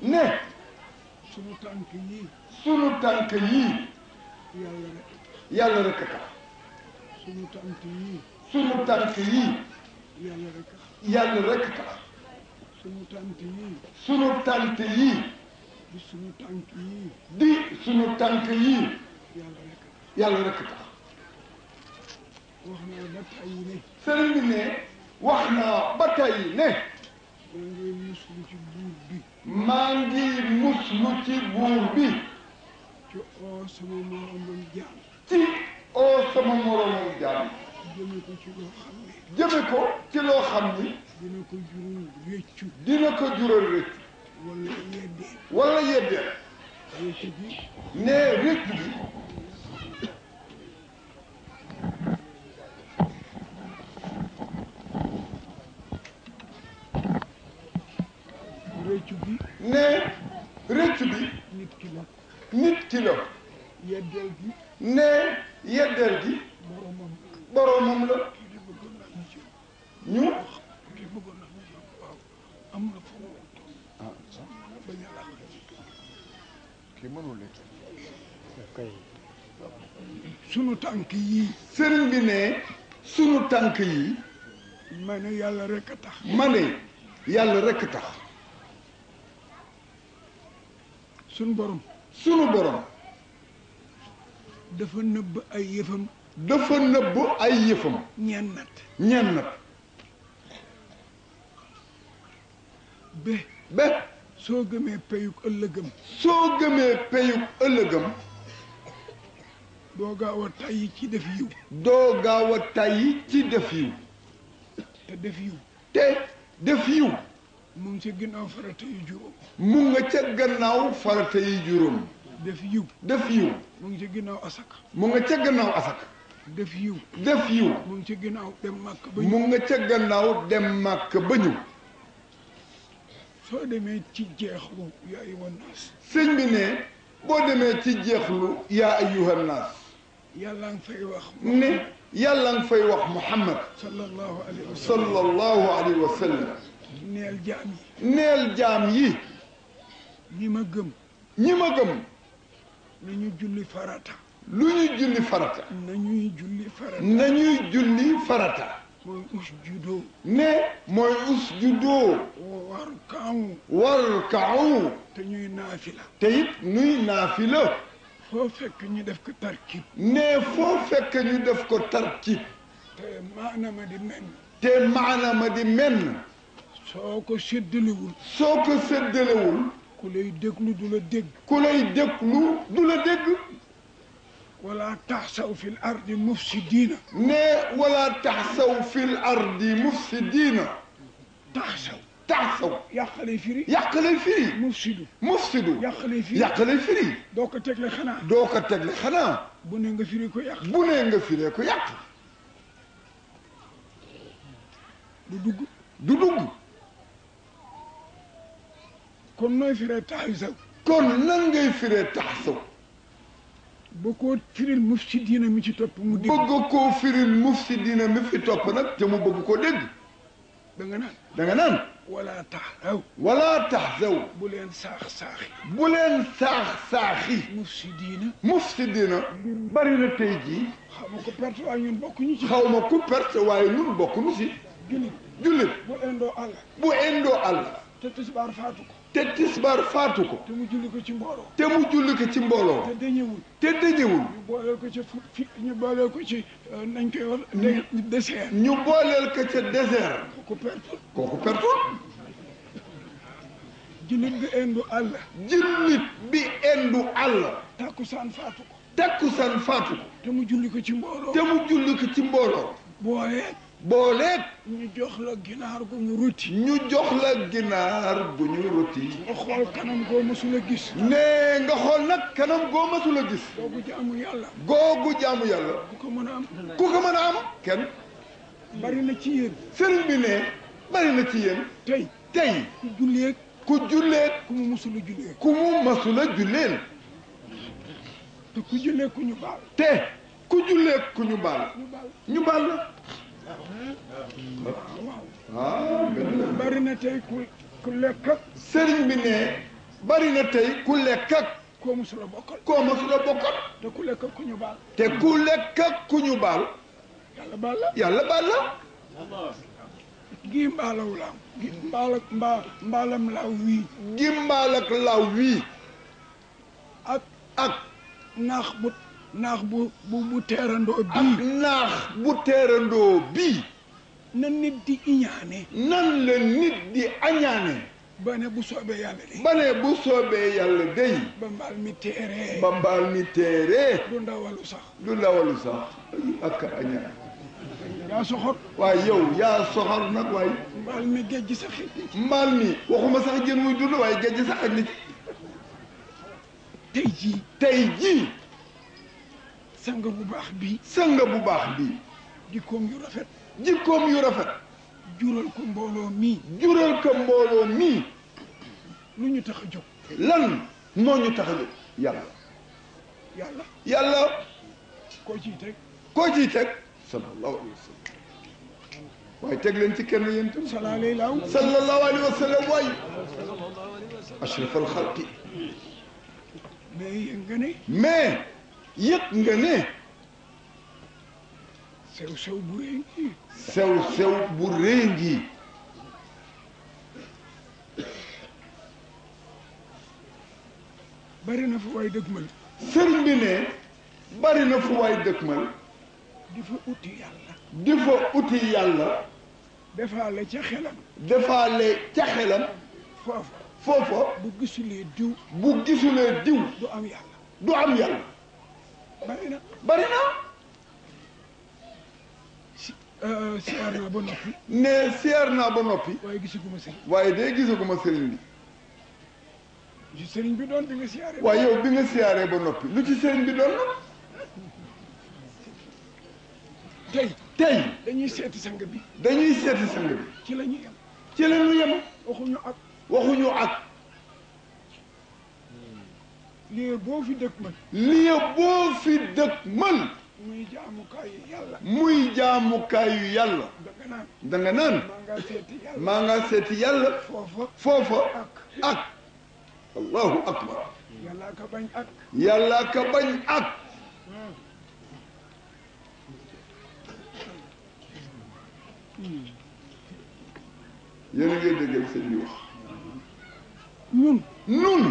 ne. sunu tànk yii. sunu tànk yii. yàlla rek. yàlla rek tax. sunu tànk yii. sunu tànk yii. yàlla rek tax. yàlla rek tax. sunu tànk yii. sunu tànk yii. di sunu tànk yii. di sunu tànk yii. yàlla rek tax. yàlla rek tax. wax naa ba tey ne. sëriñ bi ne. wax naa ba tey ne. maa ngi muslu ci buur bi. maa ngi muslu ci buur bi ci oo sama moromam jaam ci oo sama moromam jaam jëme ko ci loo xam ne jëme ko ci loo xam ni dina ko jural réccu dina ko jural réccu wala yeddeel wala yeddeel réccu bi ne réccu bi kilo yeddeel gi gi boromam la ñu kii mënul sunu tànk yi sëriñ bi ne sunu tànk yi ma yàlla rekk a tax ma yàlla rekk a tax sunu borom sunu borom dafa nëbb ay yëfam dafa nëbb ay yëfam ñennat ñennat bé bé soo gëmee peyug ëllëgam soo gëmee peyug ëllëgam doo gaaw a tàyyi ci def yiw doo gaaw tàyyi ci def yiw te def yiw te def yiw mu ngi ca gannaaw farata yi juróom. mu nga ca gannaaw farata yi juróom. def yiw def yiw. mu ngi ca gannaaw asaka. mu nga ca gannaaw asaka. def yiw def yiw. mu ngi ca gannaaw dem màkk ba ñëw. mu nga ca gannaaw dem màkk ba ñëw. ci jeexlu ne demee ci jeexlu yaa ayyuhan naas. yàlla fay wax. ne yàlla nga fay wax mu sallallahu alayhi wa sallam sallallahu alayhi neel jaam yi neel jaam yi ñi gëm ñi gëm na ñu julli farata lu ñu julli farata ñuy julli farata na julli farata mooy us judoo ne mooy us judoo war kaawu war ñuy naafila te it naafila foo fekk ñu def ko tarkib ne foo fekk ñu def ko tarkib te maanama di men soo ko séddalewul soo ko séddalewul ku lay déglu du la dégg ku lay déglu du la dégg wala taxsaw fi l ardi mufsidiina ne wala taxsaw fi l ardi mufsidiina taxsaw taxsaw yàqalay firi yàqalay firi mufsidu mufsidu yàqalay firi yàqalay firi doo ko tegle xanaa doo ko tegle xanaa bu ne nga firi ko yàq bu ne nga firee ko yàq du dugg du dugg كنا نفرى تحسو كنا نجي فرى تحسو بكو تير المفسدين مي تي توب مو ديغ بكو فير المفسدين مي في توب نا تي مو بكو ديغ داغا نان ولا تحزو ولا تحزو بولين ساخ ساخي بولين ساخ ساخي مفسدين مفسدين بري نا تيجي خاوما كو بيرت واي نون بوكو نيتي خاوما كو بيرت واي نون بوكو نيتي جولي جولي بو اندو الله بو اندو الله تتسبار فاتكو te tisbaar faatu ko. te mu julli ko ci mbooloo. te mu julli ko ci mbooloo. te dañewul. te dañewul. ñu booleel ko ci fi ko ci euh, nañ koy wax désert. ñu booleel ko ca désert. kooku perte. kooku perte. jullit bi endu àll. jullit bi endu àll. takkusaan faatu ko. takkusaan faatu ko. te mu julli ko ci mbooloo. te ci mbooloo. booleeg ñu jox la ginaar gu ñu ruti ñu jox la ginaar bu ñu ruti nga xool kanam goo mësul a gis nee nga xool nag kanam goo mësul a gis googu jaamu yàlla googu jaamu yàlla ku ko mën a am a am kenn bari na ci yéen sëriñ bi ne bari na ci yéen tey tey ku julleeg ku mu mësul a jullee te ku julleeg ku ñu baal te ku julleeg ku ñu baal ñu baal la ah benn la bari na tey ku ku lekk sëriñ bi ne bari na tey ku lekk ak. koo mosula bokkal bokkal. te ku lekk ak ku ñu baal. te ku lekk ak ku ñu baal. yàlla baal la yàlla mbaal ak mbaa wii. gi mbaal ak laaw wii. ak ak naax bu. naax bu bu bu teerandoo bii na nit di iñaane nan la nit di añaane ba ne bu soobee yàlla de ba ne bu mbaal mi teeree ba mbaal mi teeree du ndawalu sax du ndawalu sax ak añaane yaa soxor waaye yow yaa soxor nag waaye mbaal mi géej sax mbaal mi waxuma sax jën muy dund waaye géej sax ak nit tey jii tey jii sanga bu baax bi sanga bu baax bi jikkoom yu rafet jikkoom yu rafet jural ko mbooloo mi jural ko mbooloo mi lu ñu tax a jóg lan moo ñu tax a jóg yàlla yàlla yàlla koo ciy teg koo ciy teg sallallahu alayhi wa sallam waaye teg leen ci kenn yéen tam sallallahu alayhi wa sallam waay ashraf al xalqi mais yéen nga ne mais yëg nga ne sew sew bu rëy ngi sew sew bu rëy ngi bari na fu waay dëgmal sëriñ bi ne bari na fu waay dëgmal di fa uti yàlla di fa uti yàlla defaale ca xelam defaale ca xelam foofa foofa bu gisulee diw bu gisulee diw du am yàlla du am yàlla bari na bari na. si euh, siyaar naa ba noppi. nee siyaar naa ba noppi. waaye gisaguma sëriñ. waaye de gisaguma sëriñ bi. lu ci sëriñ bi doon bi nga siyaaree. waaye yow bi nga siyaaree ba noppi lu ci sëriñ bi doon. tey tey dañuy seeti sang bi. dañuy seeti sang bi. ci la ñu yem. ci la yem. waxuñu ak. waxuñu ak. lieu boo fi dëkk mën lieu boo fi dëkk mën muy jaamukaayu yàlla muy jaamukaayu yàlla da nga naan maa nga seeti yàlla foofa foofa ak allahu akbar yàlla ka bañ ak yàlla ka bañ ak yéen a ngi déggal sëñ bi wax ñun ñun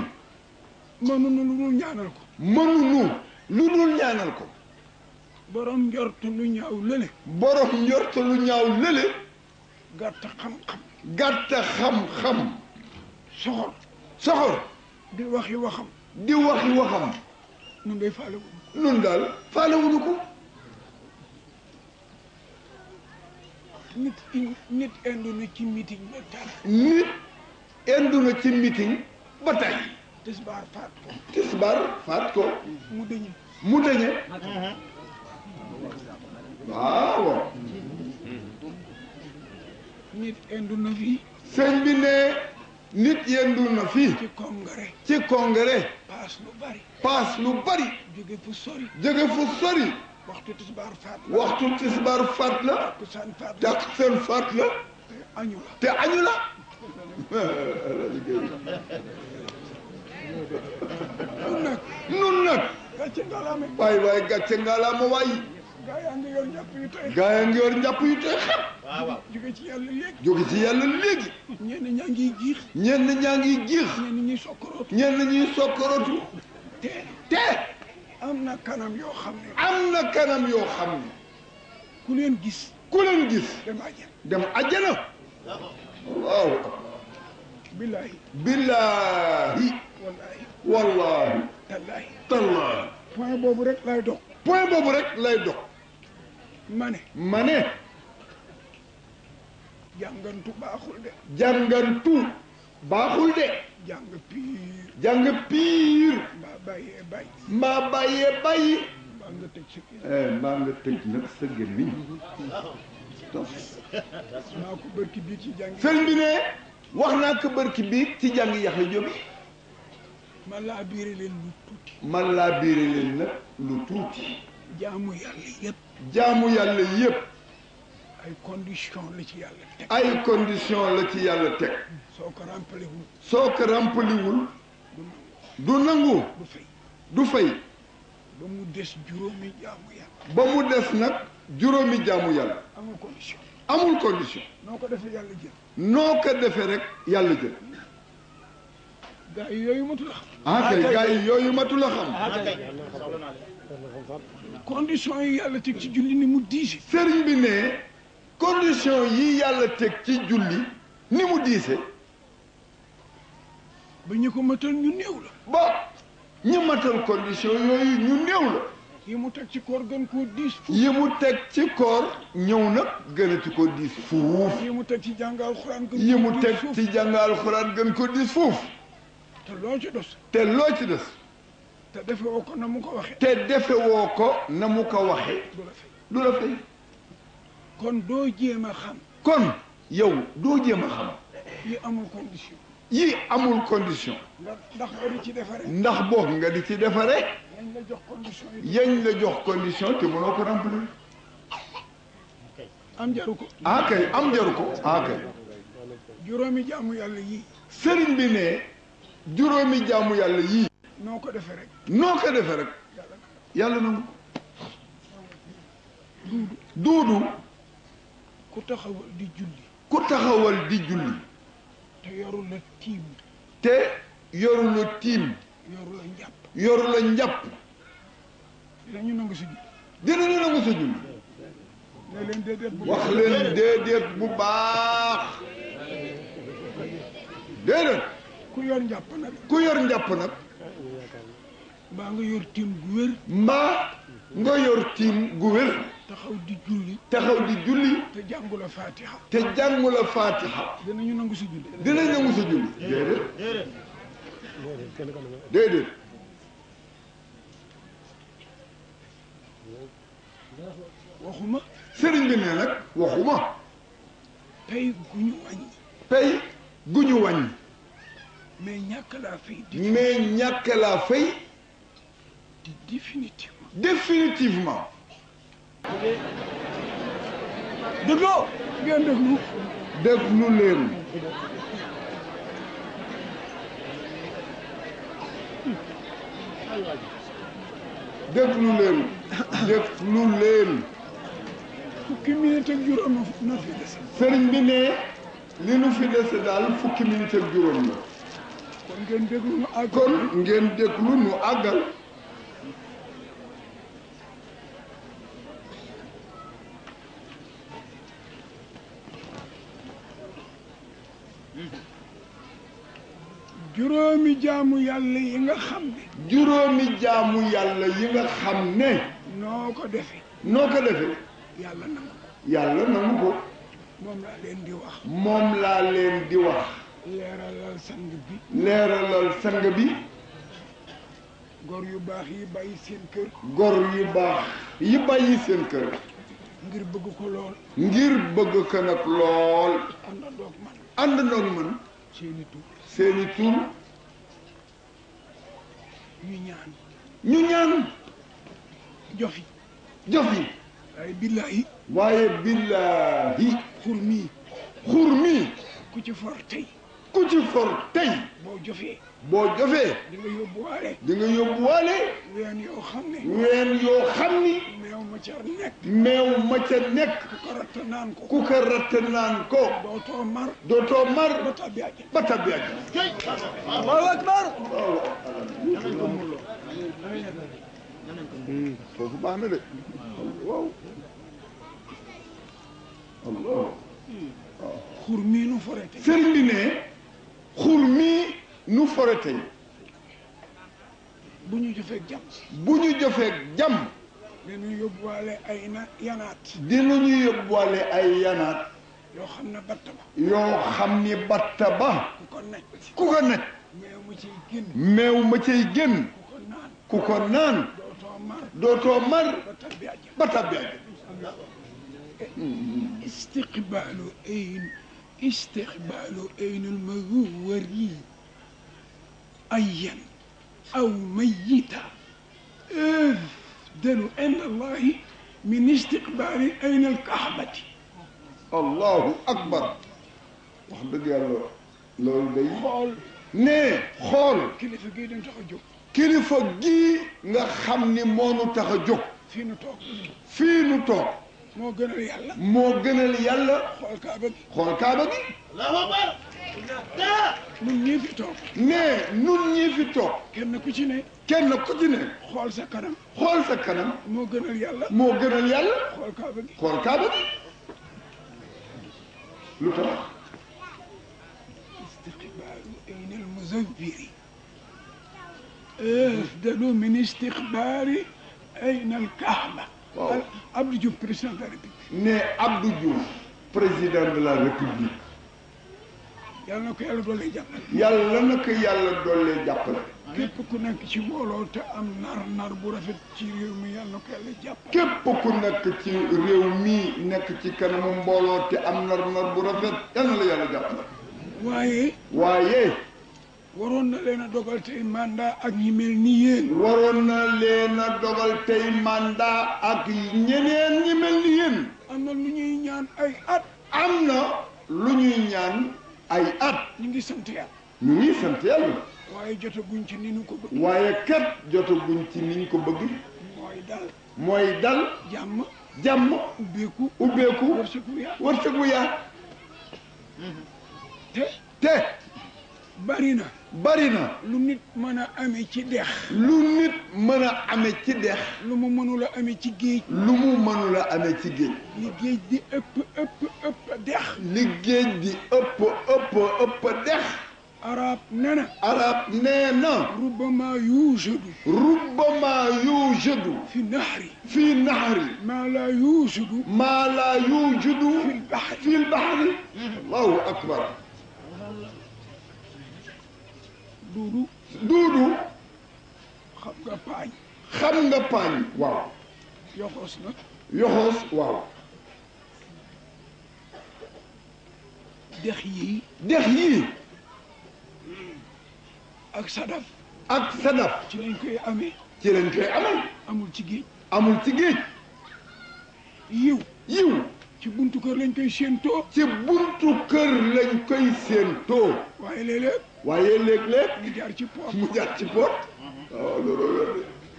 mënuñu lu ñaanal ko. mënuñu lu dul ñaanal ko. borom njort lu ñaaw lële. borom njort lu ñaaw lële. gàtt xam-xam. gàtt xam-xam. soxor. soxor. di waxi waxam. di waxi waxam. nun day faale wuñu. nun daal faale wuñu ko. nit indi na ci meeting ba tey. nit indi na ci meeting ba tey. tisbaar faat ko. tisbaar faat ko. mu dëñe. mu dëñe. waaw. bi ne nit yendu na fii. ci congrès. paas lu bari. jóge fu sori. waxtu tisbaar faat la. te añu la. nun nag nun nag gàcce waay waay gàcce ngalaama waay gaa yaa ngi yor njàpp yu tey xam waaw ci yàlla léegi jóge ci yàlla léegi ñenn ñaa ngi jiix ñenn ñaa ngi ñenn ñuy sokkorootu te te am na kanam yoo xam ne am na kanam yoo xam ku leen gis ku leen gis dem ajjana dem waaw billaahi wallaahi tallaahi tallaahi point boobu rek lay dox point boobu rek lay dox ma ne ma ne jàngantu baaxul de jàngantu baaxul de jàng piir jàng piir mbaa bàyyee bàyyi mbaa bàyyi mbaa nga tëj ci gémmiñ eh, mbaa nga tëj nag sa gémmiñ maa ko bërki ne wax naa ko bërki biig ci jàng yax la man laa biire leen lu tuuti man laa biire leen nag lu tuuti jaamu yàlla yëpp jaamu yàlla yëpp ay condition la ci yàlla teg la ci yàlla teg soo ko rempaliwul soo ko rempaliwul du nangu du fay du ba mu des juróomi jaamu yàlla ba mu des nag juróomi jaamu yàlla amul condition noo ko defee yàlla jël noo ko defee rek yàlla jël gaa yooyu matu la xam. Ah, ah kay gaa yi yooyu matu la xam. Ah, condition yi yàlla teg ci julli ni mu diise. sëriñ bi ne condition yi yàlla teg ci julli ni mu diise. ba ñu ko matal ñu néew la. ba ñu matal condition yooyu ñu néew la. yi mu teg ci koor gën koo diis fuuf. yi mu teg ci koor ñëw nag gënati ko diis fuuf. mu teg ci jàngal xuraan gën ko diis fuuf yi mu teg ci jàngal xuraan gën ko diis fuuf. te loo ci dos. te loo ci dos. te defe ko na mu ko waxee. te defe woo ko na mu ko waxee. du kon doo jéem a xam. kon yow doo jéem a xam. yi amul condition. yi amul condition. ndax nga di ci defaree. ndax boog nga di ci defaree. yañ jox condition jox condition te mënoo am jaru ko. ah kay am jaru ko. ah kay. juróomi jaamu yàlla yi sëriñ bi ne. juróomi jaamu yàlla yii. noo ko defee rek. noo ko defee rek yàlla nangu. duudu ku taxawal di julli. ku taxawal di julli. te yoru la tiim. te yoru la tiim. yoru la njàpp. yoru la njàpp. dinañu nangu sa dinañu nangu sa wax leen déedéet bu baax déedéet. ku yor njàpp nag ku yor njàpp nag mbaa nga yor tiim gu wér mbaa nga yor tiim gu wér taxaw di julli taxaw di julli te jàngu la faatiha te jàngu la faatiha dinañu nangu sa nangu sa julli déedéet waxuma sëriñ bi ne nag waxuma pay gu ñu wàññi pay gu ñu wàññi mais ñàkk laa fay. mais ñàkk laa fay. définitivement. définitivement. dégloo. ngeen déglu. leen. déglu leen. leen. fukki minute ak juróom na fi des. sëriñ bi ne li nu fi des daal fukki minute ak juróom la. kon ngeen déglu nu àggal kon àggal juróomi jaamu yàlla yi nga xam ne juróomi jaamu yàlla yi nga xam ne noo ko defe noo ko defe yàlla nangu ko yàlla nangu ko moom laa leen di wax moom laa leen di wax leeralal sang bi. leeralal sang bi. góor yu baax yi bàyyi seen kër. góor yu baax yi bàyyi seen kër. ngir bëgg ko lool. ngir bëgg ko nag lool. àndandoog man. àndandoog man. seeni tur. seeni tur. ñu ñaan. ñu ñaan. jofi. jofi. waaye billaahi. waaye billaahi. xur mii. xur mii. ku ci for tey. ku ci for tey. boo jofee. boo jofee. di nga yóbbuwaale. di nga yóbbuwaale. ween yoo xam ne. ween yoo xam ni. meew ma ca nekk. meew ma ca nekk. ku ko ratta naan ko. ku ko ratta naan ko. dootoo mar. dootoo mar. ba tabbi àjjana. ba tabbi àjjana. Allahu akbar. foofu baax na de. waaw. Allah. xur mii nu foree. sëriñ bi ne. xur mi nu forete bu ñu jëfee jàmm bu ñu jëfee jàmm dinañu yóbbuwaale ay na yanaat ay yanaat yoo xam ne batt ba yoo xam ni batt ku ko naj meew ma ciy génn meew ma ciy ku ko naan dootoo mar dootoo mar استقبال اين المغوري ايا او ميتا افدلوا ان الله من استقبال اين الكعبة الله اكبر واحد قال له لول دي خول ني خول كيف جي دم تخجو كيف جي نخمني مونو تخجو فينو توك فينو توك moo gënal yàlla. moo gënal yàlla. xool kaaba gi xool kaaba gi. allahu akbar. ñun ñii fi toog. mais ñun ñii fi toog. kenn ku ci ne. kenn ku ci ne. xool sa kanam. xool sa kanam. moo gënal yàlla. moo gënal yàlla. xool kaaba gi xool kaaba gi. lu tax. istiqbaalu aynal muzawwiri. afdalu min istiqbaari aynal kaaba. waaw Abdou Diouf président de la république. ne Abdou Diouf président de la république. yàlla na ko yàlla doole jàppale. yàlla na ko yàlla doole jàppale. képp ku nekk ci mbooloo te am nar nar bu rafet ci réew mi yàlla na ko yàlla jàppale. képp ku nekk ci réew mi nekk ci kanamu mbooloo te am nar nar bu rafet yàlla na la yàlla jàppale. waaye. waaye. waroon na leen a dogal ak ñi mel ni yéen. waroon na leen a dogal ak ñeneen ñi mel ni yéen. am na lu ñuy ñaan ay at. am na lu ñuy ñaan ay at. ñu ngi sant yàlla. ñu waaye jotaguñ ci ni ñu ko bëgg. waaye kat jotaguñ ci ni ñu ko bëgg. mooy dal. mooy dal. jàmm. jàmm. ubbeeku ubbeeku. wërsëgu yaa yaa. te. te. bari na. bari na lu nit mën a amee ci dex lu nit mën a amee ci dex lu mu mënula amee ci géej lu mu mënula amee ci géej li géej di ëpp ëpp ëpp dex li géej di ëpp ëpp ëpp dex arab nee na arab nee na ربما يوجد ربما يوجد في نهر في نهر ما لا يوجد ما لا يوجد في البحر في البحر الله أكبر duudu duudu xam nga paañ xam nga paañ waaw yoxoos nag yoxoos waaw dex yii dex yii ak sadaf ak sadaf ci lañ koy amee ci lañ koy amee amul ci géej amul ci géej yiw yiw ci buntu kër lañ koy séentoo ci buntu kër lañ koy séentoo waaye waaye léeg-léeg mu jaar ci pot mu jaar ci pot waaw loolu wér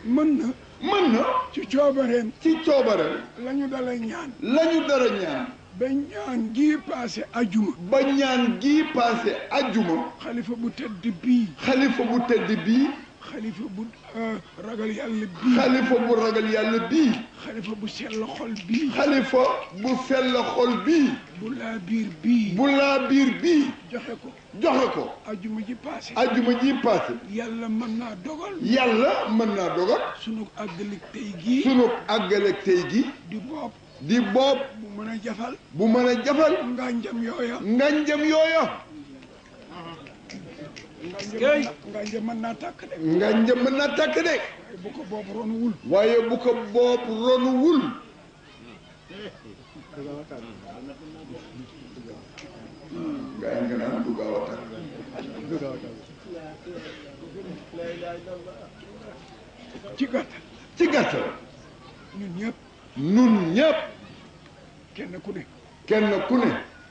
mën na mën na ci coobareem ci coobareem la ñu dala ñaan la ñu dara ñaan ba ñaan gii paase ajuma ba ñaan gii paase ajuma xalifa bu tëdd bii xalifa bu tëdd bii xalifa bu euh, ragal yàlla bii. xalifa bu ragal yàlla bii. xalifa bu sell xol bii. xalifa bu sell xol bii. bu laa biir bii. bu laa biir bii. joxe ko joxe ko. ajuma ji paase. ajuma ji paase. yàlla mën naa dogal. yàlla mën naa dogal. sunu àggaleeg tey gii. sunu àggaleeg tey gii. di bopp. di bopp. bu mën jafal. bu mën a jafal. nganjam yooya. nganjam yooya. ngañ ngañ na takk tàkk de. ngañ mën naa tàkk de. waaye bu ko boobu ronu wul. waaye bu ko boobu ronu wul. ngañ nga naan du gaaw a tàkk. ci gàttal. ci gàttal. ñun ñëpp. ñun ñëpp. kenn ku kenn ku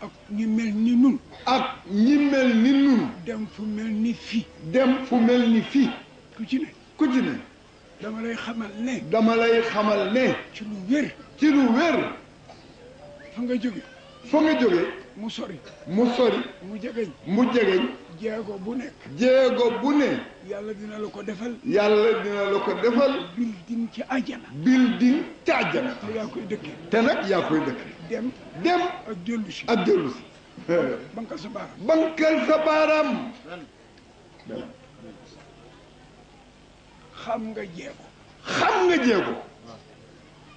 ak ñi mel ni nun ak ñi mel ni nun dem fu mel ni fii dem fu mel ni fii ku ci ne ku ci dama lay xamal ne dama lay xamal ne ci lu wér ci lu wér fa nga jóge fa nga jóge mu sori. mu sori. mu jegeñ. mu jegeñ. jéego bu nekk. jéego bu ne. yàlla dina la ko defal. yàlla dina la ko defal. bildin ci àjjana. bildin ci àjjana. te yaa koy dëkkee. te nag yaa koy dëkkee. dem. dem ak dellu si. ak dellu si. bankal sa baaraam. xam nga jéego. xam nga jéego.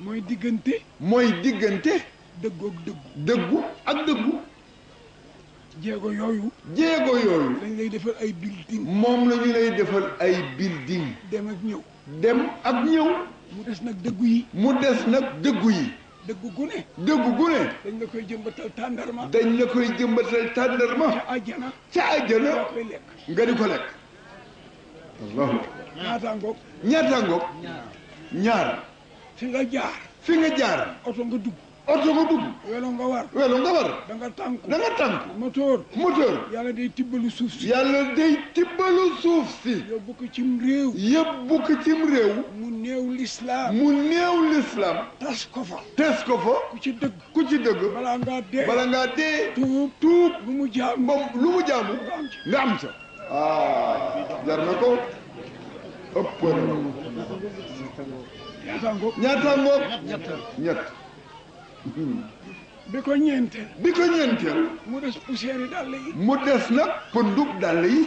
mooy diggante. mooy diggante. dëggu ak dëggu. dëggu ak dëggu. jéego yooyu. jéego yooyu. dañ lay defal ay building. moom la ñu lay defal ay building. dem ak ñëw. dem ak ñëw. mu des nag dëggu yi. mu des nag dëggu yi. dëggu gu ne dëggu gune. dañ la koy jëmbatal tàndarma. dañ la koy jëmbatal tàndarma. ca àjjana. ca àjjana. nga koy lekk. nga di ko lekk. allahu akbar. ñaata ngoog. ñaar. fi nga jaar. fi nga jaar. oto nga dugg. oto nga dugg. welo nga war welo nga war. da nga tànk da nga tànk. moteur moteur. yàlla day tibbalu suuf si. yàlla day tibbalu suuf si. yóbbu ko cim réew. yóbbu ko cim réew. mu néew lislaam mu néew lislaam tas ko fa. tas ko fa. ku ci dëgg ku ci dëgg. balaa ngaa dee balaa ngaa dee. tuub tuub lu mu jaamu. lu mu jaamu nga am sa. ah jar na ko ëpp. ñaata ngoog ñaata ngoog ñett ñett. bi ko ñeenteel. bi ko ñeenteel. mu des poussière yi dàll yi. mu des nag pëndub dàll yi.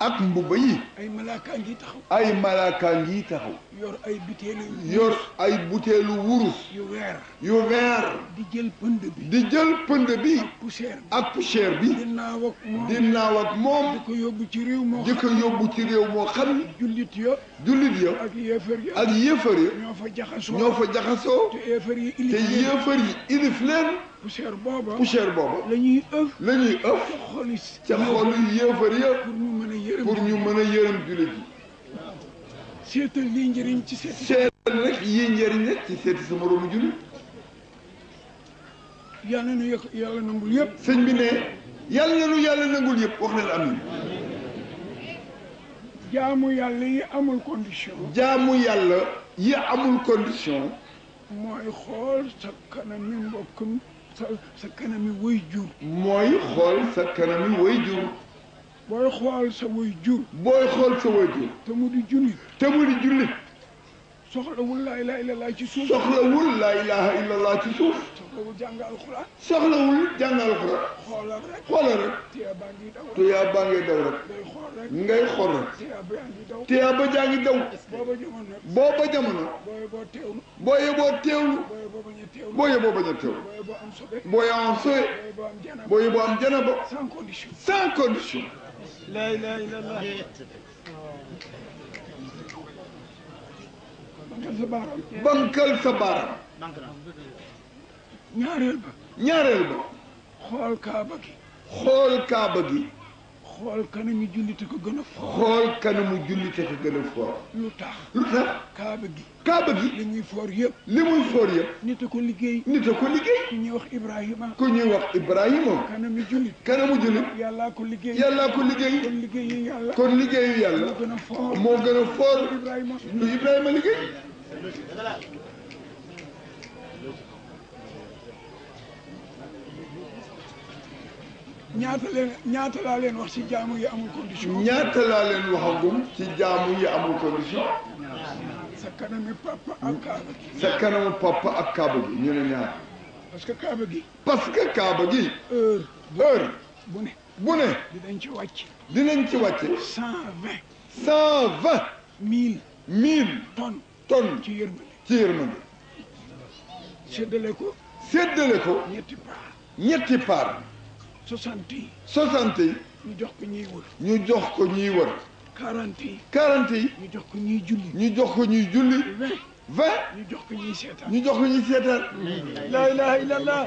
ak mbubb yi ay malaaka ngi taxaw ay malaaka ngi taxaw yor ay butéelu yor ay butéelu wurus yu weer yu weer di jël pënd bi di jël pënd bi ak poussière ak poussière bi di naaw ak moom di naaw ak moom di ko yóbbu ci réew moo di ko yóbbu ci réew moo xam ni jullit ya jullit ya ak yéefar ya ak yéefar ya ñoo fa jaxasoo ñoo fa jaxasoo te yéefar yi ilif leen poussière booba poussière booba. la ñuy ëf la ca xolu ca xolu yéefar pour ñu mën a yërëm pour ñu mën yi. seetal liy njëriñ ci seet. seetal rek yi njëriñ rek ci seeti sa moroomu jullit. yàlla na yëg yàlla nangul yëpp. sëñ bi ne yàlla na yàlla nangul yëpp wax na la amiin. jaamu yàlla yi jaamu yàlla yi amul condition. mooy xool sa kanam mi mbokkum sa sa kanami way jur mooy xool sa kanami way jur booy xool sa way jur booy xool sa way jur te mu di jullit te mu di jullit soxlawul laa ilaha illallah ci suuf soxlawul laa ilaha illallah ci suuf soxlawul jàng alxuraan. soxlawul jàng alxuraan. xoolal rek xoolal rek. tuyaa baa ngi daw rek tuyaa baa ngi daw rek. ngay xool rek. tuyaa ba jaa ngi daw. booba jamono. booba jamono. booyee boo teewlu. booyee boo teewlu. booyee boo bañ a teewlu. booyee am sobe. booyee boo am janaba. sans condition. sans condition. la ilaha illallah. bankal sa baaraam. bankal sa baaraam. ñaareel ba ñaareel ba xool kaaba gi xool kaaba gi xool kanamu jullite ko gën a foor xool kanamu jullite ko gën a foor lu tax lu tax kaaba gi kaaba gi li ñuy foor yëpp li muy foor yëpp nit a ko liggéey nit a ko liggéey ku ñuy wax Ibrahima ku ñuy wax Ibrahima kanamu jullit kanamu jullit yàllaa ko liggéey yàllaa ko liggéey kon liggéeyu yàlla kon liggéeyu yàlla moo gën a foor moo gën a foor Ibrahima lu Ibrahima liggéey ñaata leen laa leen wax ci jaamu yi amul condition. ñaata laa leen waxagum ci jaamu yi amul condition. sa kanamu papa ak kaaba gi. sa kanamu papa ak kaaba gi ñu parce que kaaba gi. parce que kaaba gi. heure heure. bu ne bu ne. dinañ ci wàcc. dinañ ci wàcc. cent vingt. cent vingt. mille. mille. ci yërmande ci yërmande. séddale ko. séddale ko. ñetti paar. ñetti paar. soixante soixante ñu jox ko ñuy wër. ñu jox ko 40 40 ñu jox ko ñuy julli. ñu jox vingt. ñu jox ko ñuy sétal ñu jox ko la ilaha illallah.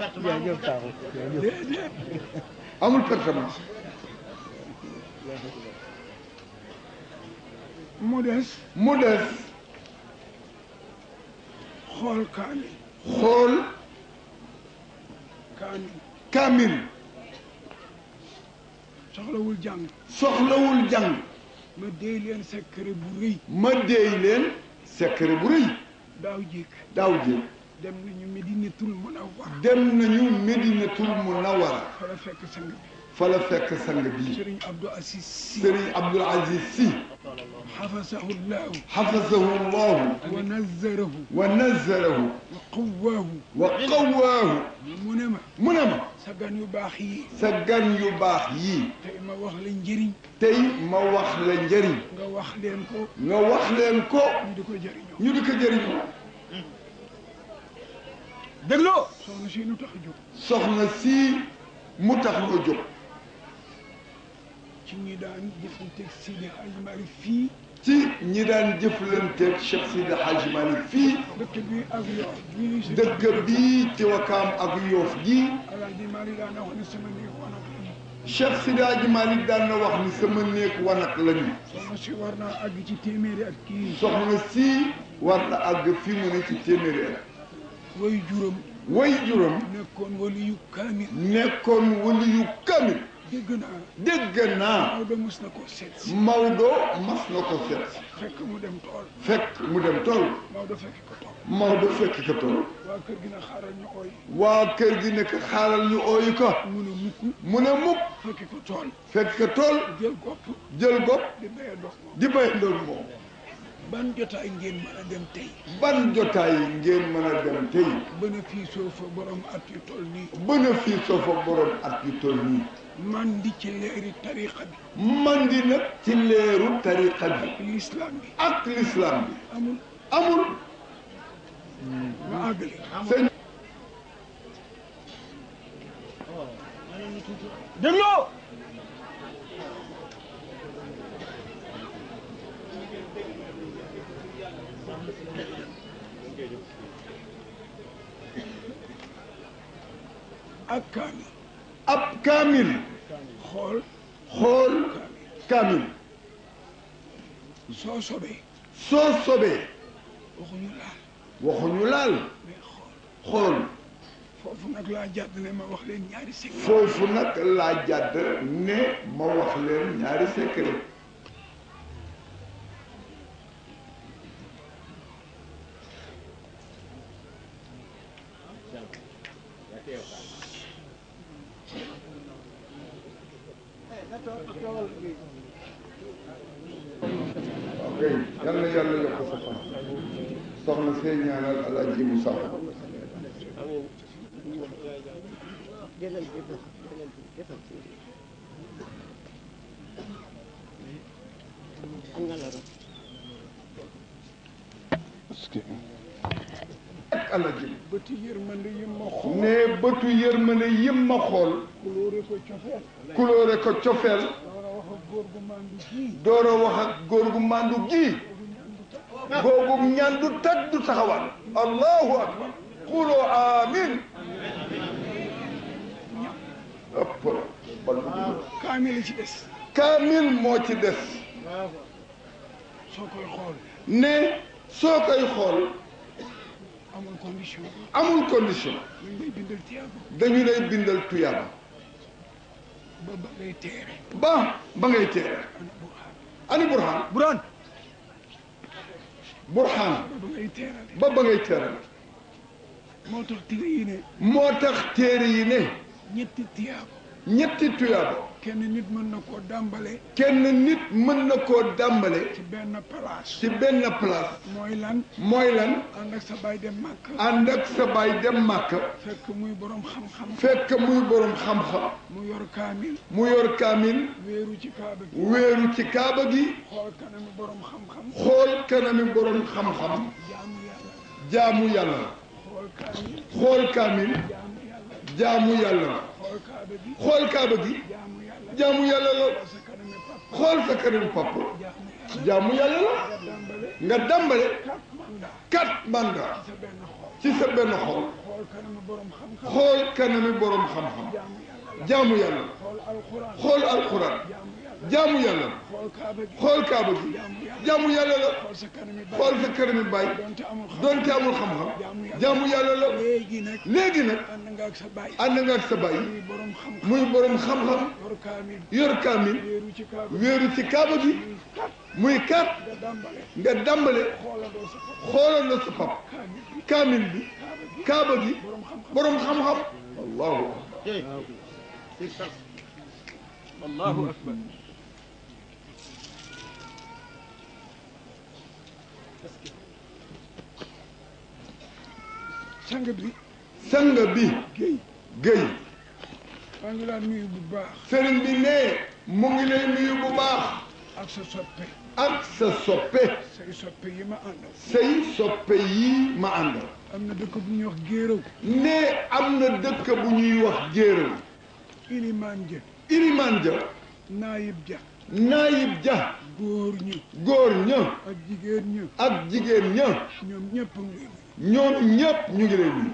soxlawul jàng soxlawul jàng ma déy leen secret bu rëy ma déy leen secret bu rëy daaw jéeg daaw jéeg dem nañu medinatul munawara dem nañu medinatul munawara fa la fekk sang bi fa la fekk sang bi sëriñ Abdou Aziz si sëriñ Abdou Aziz si حفظه الله حفظه الله ونزله ونزله وقواه وقواه منما منمه سجن يباخي سجن يباخي تي ما وخ لنجري تي ما وخ لنجري نغا وخ لنكو نغا وخ لنكو نديكو جريو نديكو جريو دغلو سوخنا سي نوتاخ جو سوخنا سي متاخ لو جو ci ñi daan jëflanteeg Seydi Hadji Malick fii. ci ñi daan jëflanteeg Cheikh Seydi Hadji fii. dëkk bii ak yoof gii. dëkk bii Tiwakaam daan na wax ni sama wanak la ñu. Cheikh Seydi Hadji Malick si war naa àgg ci fi mu ne ci téeméeri ak. way way juróom. nekkoon waliyu kaamil. nekkoon waliyu dégg naa. dégg naa. Maodo mas na ko seet si. Maodo mas na ko fekk mu dem tool. fekk mu dem tool. Maodo fekk ko tool. Maodo fekk ko tool. waa kër gi ne xaaral ñu ooy. waa kër gi ne xaaral ñu ooy ko. mu ne mukk. mu ne mukk. fekk ko tool. fekk ko tool. jël gopp. jël gopp. di béyandoo moom di béyandoo moom. ban jotaay ngeen mën a dem tey. ban jotaay ngeen mën a dem tey. bénéfice fa borom at yu toll nii. bénéfice fa borom at yu toll nii. man di ci leeri tariqa bi. man di nag ci leeru tariqa bi. l'islam bi ak bi. amul amul. ma àggali. sëñ. dégloo. ak kaamil ab xool xool kaamil soo sobee soo sobee waxuñu laal waxuñu laal xool foofu nag laa jàdd ne ma wax leen ñaari secret foofu nag laa jàdd ñaari secret yàlla yàlla yokk sa fan soxna see ñaanal alaaji Moussa ak alaaji bëtu yërmande yi ma xool ne bëtu yërmande yi ma xool kuloore ko cofeel dooro wax ak góor gu mandu gii googu ñandu tag du allahu akbar xuloo amin ah, kaamil ci des kaamil moo ci des soo koy xool ne soo koy xool amul condition amul condition dañu lay bindal tuyaaba ba ba ngay teere. ba ba ngay teere. ani burhaan. burhaan. burhaan. ba ba ngay teerale. moo tax téere ne. ñetti tuyaaba kenn nit mën na koo dàmbale kenn nit mën na koo dàmbale ci benn place ci benn place mooy lan mooy lan ànd ak sa baay dem màkk ànd ak sa baay dem màkk fekk muy borom xam-xam fekk muy borom xam-xam mu yor kaamil mu yor kaamil wéeru ci kaaba gi wéeru ci kaaba gi xool kanami borom xam-xam xool kanami borom xam-xam jaamu yàlla jaamu yàlla xool kaamil xool kaamil جامو يالا خول كعبه دي جامو يالا خول سكرن بابو جامو يالا نغا دامبالي كات ماندا سي سبن خول خول كانامي بوروم خام خام جامو يالا خول القران jaamu yàlla xool kaaba gi jaamu yàlla la xool sa kër mi bàyyi donte amul xam-xam jaamu yàlla la léegi nag ànd nga ak sa bàyyi ànd nga ak sa bàyyi muy borom xam-xam yor kaamil wéeru ci kaaba gi muy kat nga dàmbale xoolandoo sa pap kaamil bi kaaba gi borom xam-xam allahu akbar allahu akbar sang bi. sang bi. Guèye Guèye. sëriñ bi ne. mu ngi lay nuyu bu baax. ak sa soppe. ak sa soppe. say soppe yi ma ànd say soppe yi ma àndal. am na dëkk bu ñuy wax géeréw. am na dëkk bu ñuy wax géeréw. Iliman ja. Iliman ja. Naayib ja. Naayib ja. góor ña. góor ña. ak jigéen ña. ñoom ñëpp ngi. ñoom ñëpp ñu ngi leen nuyu